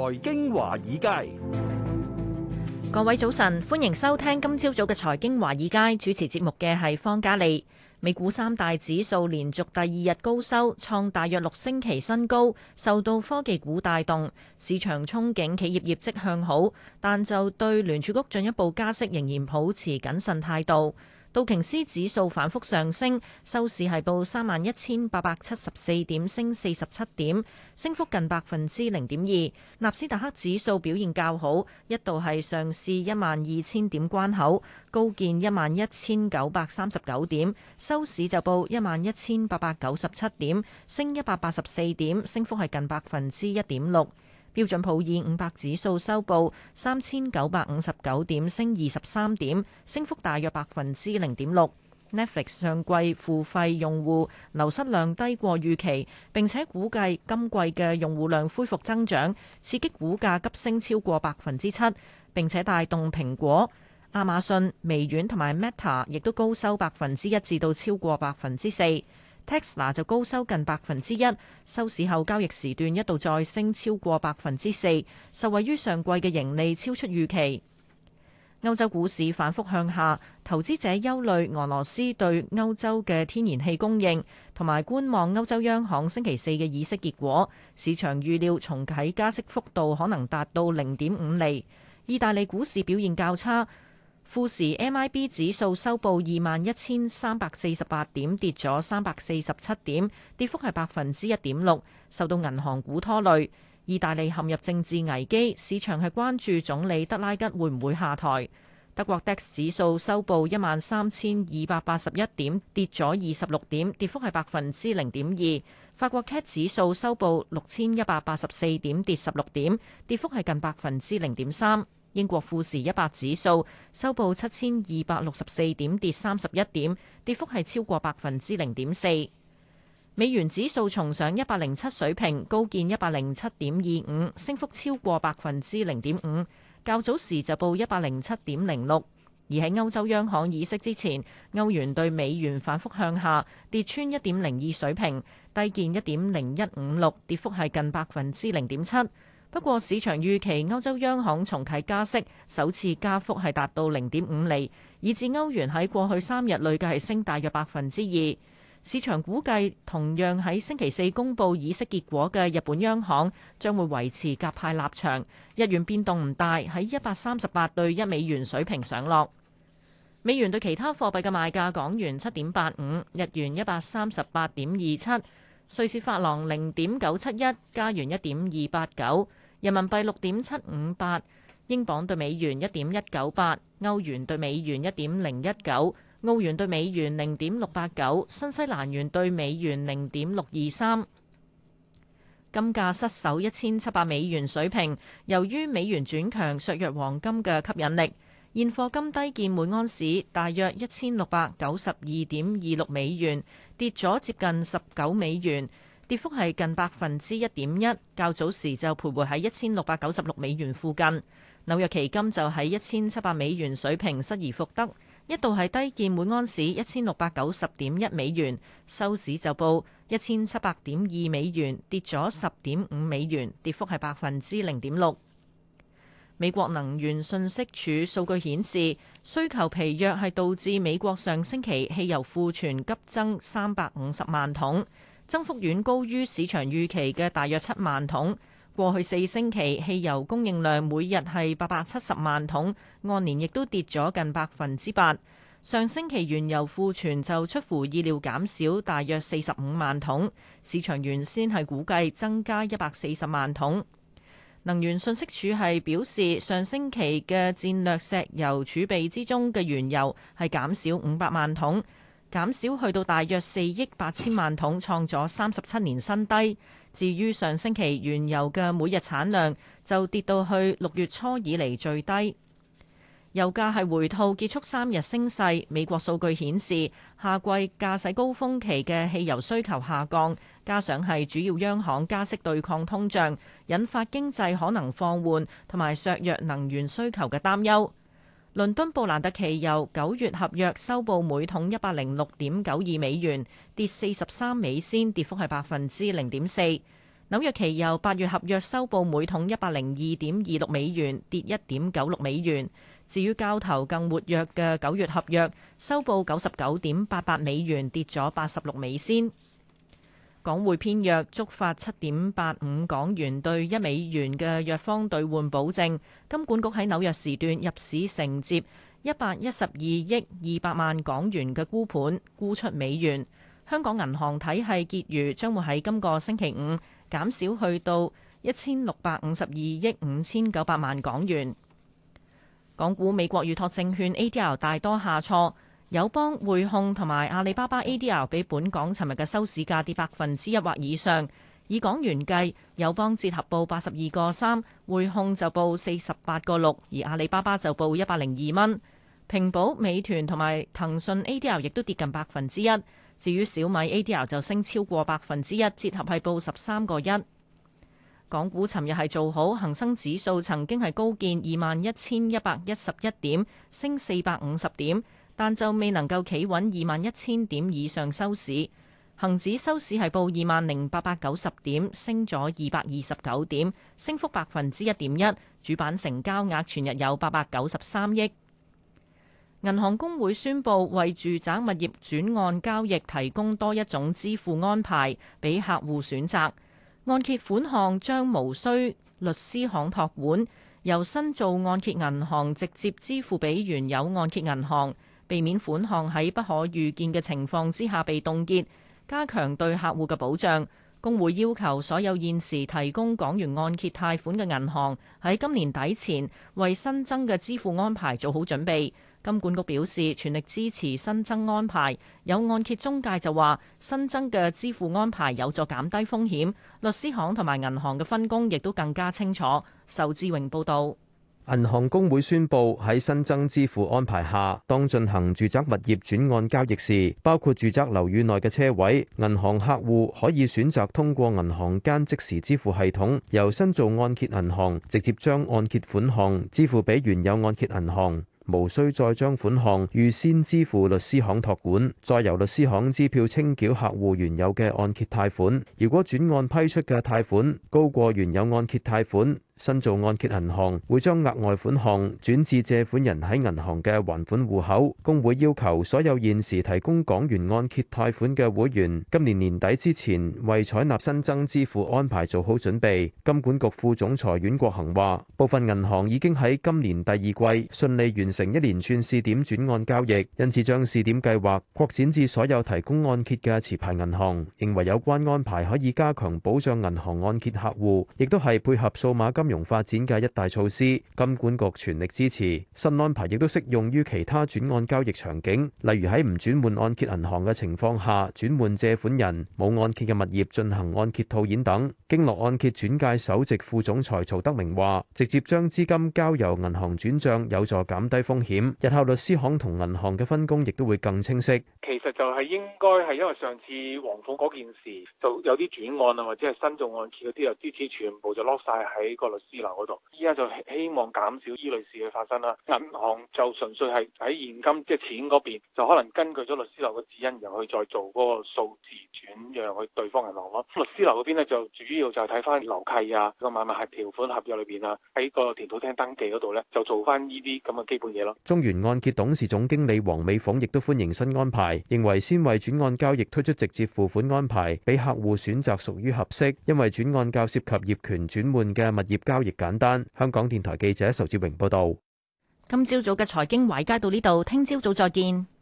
財經華爾街，各位早晨，歡迎收聽今朝早嘅財經華爾街。主持節目嘅係方嘉利。美股三大指數連續第二日高收，創大約六星期新高，受到科技股帶動，市場憧憬企業業績向好，但就對聯儲局進一步加息，仍然保持謹慎態度。道瓊斯指數反覆上升，收市係報三萬一千八百七十四點，升四十七點，升幅近百分之零點二。納斯達克指數表現較好，一度係上試一萬二千點關口，高見一萬一千九百三十九點，收市就報一萬一千八百九十七點，升一百八十四點，升幅係近百分之一點六。標準普爾五百指數收報三千九百五十九點，升二十三點，升幅大約百分之零點六。Netflix 上季付費用戶流失量低過預期，並且估計今季嘅用戶量恢復增長，刺激股價急升超過百分之七，並且帶動蘋果、亞馬遜、微軟同埋 Meta 亦都高收百分之一至到超過百分之四。Tesla 就高收近百分之一，收市後交易時段一度再升超過百分之四，受惠於上季嘅盈利超出預期。歐洲股市反覆向下，投資者憂慮俄羅斯對歐洲嘅天然氣供應，同埋觀望歐洲央行星期四嘅議息結果。市場預料重啟加息幅度可能達到零點五厘，意大利股市表現較差。富時 MIB 指數收報二萬一千三百四十八點，跌咗三百四十七點，跌幅係百分之一點六，受到銀行股拖累。意大利陷入政治危機，市場係關注總理德拉吉會唔會下台。德國 DAX 指數收報一萬三千二百八十一點，跌咗二十六點，跌幅係百分之零點二。法國 CAC 指數收報六千一百八十四點，跌十六點，跌幅係近百分之零點三。英國富時一百指數收報七千二百六十四點，跌三十一點，跌幅係超過百分之零點四。美元指數重上一百零七水平，高見一百零七點二五，升幅超過百分之零點五。較早時就報一百零七點零六。而喺歐洲央行議息之前，歐元對美元反覆向下，跌穿一點零二水平，低見一點零一五六，跌幅係近百分之零點七。不過市場預期歐洲央行重啟加息，首次加幅係達到零點五厘，以至歐元喺過去三日累計係升大約百分之二。市場估計同樣喺星期四公佈議息結果嘅日本央行將會維持鴿派立場，日元變動唔大，喺一百三十八對一美元水平上落。美元對其他貨幣嘅賣價：港元七點八五，日元一百三十八點二七，瑞士法郎零點九七一，加元一點二八九。人民幣六點七五八，英鎊對美元一點一九八，歐元對美元一點零一九，澳元對美元零點六八九，新西蘭元對美元零點六二三。金價失守一千七百美元水平，由於美元轉強削弱黃金嘅吸引力，現貨金低見每盎司大約一千六百九十二點二六美元，跌咗接近十九美元。跌幅係近百分之一點一，較早時就徘徊喺一千六百九十六美元附近。紐約期金就喺一千七百美元水平失而復得，一度係低見每盎司一千六百九十點一美元，收市就報一千七百點二美元，跌咗十點五美元，跌幅係百分之零點六。美國能源信息署數據顯示，需求疲弱係導致美國上星期汽油庫存急增三百五十萬桶。增幅遠高於市場預期嘅大約七萬桶。過去四星期，汽油供應量每日係八百七十萬桶，按年亦都跌咗近百分之八。上星期原油庫存就出乎意料減少大約四十五萬桶，市場原先係估計增加一百四十萬桶。能源信息署係表示，上星期嘅戰略石油儲備之中嘅原油係減少五百萬桶。減少去到大約四億八千萬桶，創咗三十七年新低。至於上星期原油嘅每日產量就跌到去六月初以嚟最低。油價係回吐結束三日升勢。美國數據顯示，夏季駕駛高峰期嘅汽油需求下降，加上係主要央行加息對抗通脹，引發經濟可能放緩同埋削弱能源需求嘅擔憂。倫敦布蘭特期油九月合約收報每桶一百零六點九二美元，跌四十三美仙，跌幅係百分之零點四。紐約期油八月合約收報每桶一百零二點二六美元，跌一點九六美元。至於交投更活躍嘅九月合約，收報九十九點八八美元，跌咗八十六美仙。港匯偏弱，觸發七點八五港元兌一美元嘅弱方兌換保證，金管局喺紐約時段入市承接一百一十二億二百萬港元嘅沽盤，沽出美元。香港銀行體系結餘將會喺今個星期五減少去到一千六百五十二億五千九百萬港元。港股美國預託證券 ADR 大多下挫。友邦、匯控同埋阿里巴巴 A.D.R. 比本港尋日嘅收市價跌百分之一或以上。以港元計，友邦折合報八十二個三，匯控就報四十八個六，而阿里巴巴就報一百零二蚊。平保、美團同埋騰訊 A.D.R. 亦都跌近百分之一。至於小米 A.D.R. 就升超過百分之一，折合係報十三個一。港股尋日係做好，恒生指數曾經係高見二萬一千一百一十一點，升四百五十點。但就未能夠企穩二萬一千點以上收市，恒指收市係報二萬零八百九十點，升咗二百二十九點，升幅百分之一點一。主板成交額全日有八百九十三億。銀行公會宣布為住宅物業轉按交易提供多一種支付安排，俾客戶選擇，按揭款項將無需律師行託管，由新造按揭銀行直接支付俾原有按揭銀行。避免款項喺不可預見嘅情況之下被凍結，加強對客戶嘅保障。公會要求所有現時提供港元按揭貸款嘅銀行喺今年底前為新增嘅支付安排做好準備。金管局表示全力支持新增安排。有按揭中介就話新增嘅支付安排有助減低風險。律師行同埋銀行嘅分工亦都更加清楚。仇志榮報導。銀行公會宣布喺新增支付安排下，當進行住宅物業轉按交易時，包括住宅樓宇內嘅車位，銀行客戶可以選擇通過銀行間即時支付系統，由新造按揭銀行直接將按揭款項支付俾原有按揭銀行，無需再將款項預先支付律師行託管，再由律師行支票清繳客戶原有嘅按揭貸款。如果轉按批出嘅貸款高過原有按揭貸款，新做按揭銀行會將額外款項轉至借款人喺銀行嘅還款戶口。公會要求所有現時提供港元按揭貸款嘅會員，今年年底之前為採納新增支付安排做好準備。金管局副總裁阮國恒話：部分銀行已經喺今年第二季順利完成一連串試點轉案交易，因此將試點計劃擴展至所有提供按揭嘅持牌銀行，認為有關安排可以加強保障銀行按揭客戶，亦都係配合數碼金融發展嘅一大措施，金管局全力支持新安排，亦都適用於其他轉按交易場景，例如喺唔轉換按揭銀行嘅情況下，轉換借款人冇按揭嘅物業進行按揭套現等。經絡按揭轉介首席副總裁曹德明話，直接將資金交由銀行轉賬，有助減低風險。日後律師行同銀行嘅分工亦都會更清晰。其實就係應該，係因為上次黃埔嗰件事，就有啲轉案啊，或者係新做按揭嗰啲，啊支持全部就 lock 晒喺個律。律師樓嗰度，依家就希望減少依類事嘅發生啦。銀行就純粹係喺現金，即係錢嗰邊，就可能根據咗律師樓嘅指引，然後去再做嗰個數字轉讓去對方銀行咯。律師樓嗰邊咧就主要就係睇翻樓契啊，個買賣合同條款合約裏邊啊，喺個田土廳登記嗰度咧就做翻呢啲咁嘅基本嘢咯。中原按揭董事總經理黃美鳳亦都歡迎新安排，認為先為轉按交易推出直接付款安排，俾客戶選擇屬於合適，因為轉按較涉及業權轉換嘅物業。 交易簡單。香港電台記者仇志榮報導。今朝早嘅財經華爾街到呢度，聽朝早，早再見。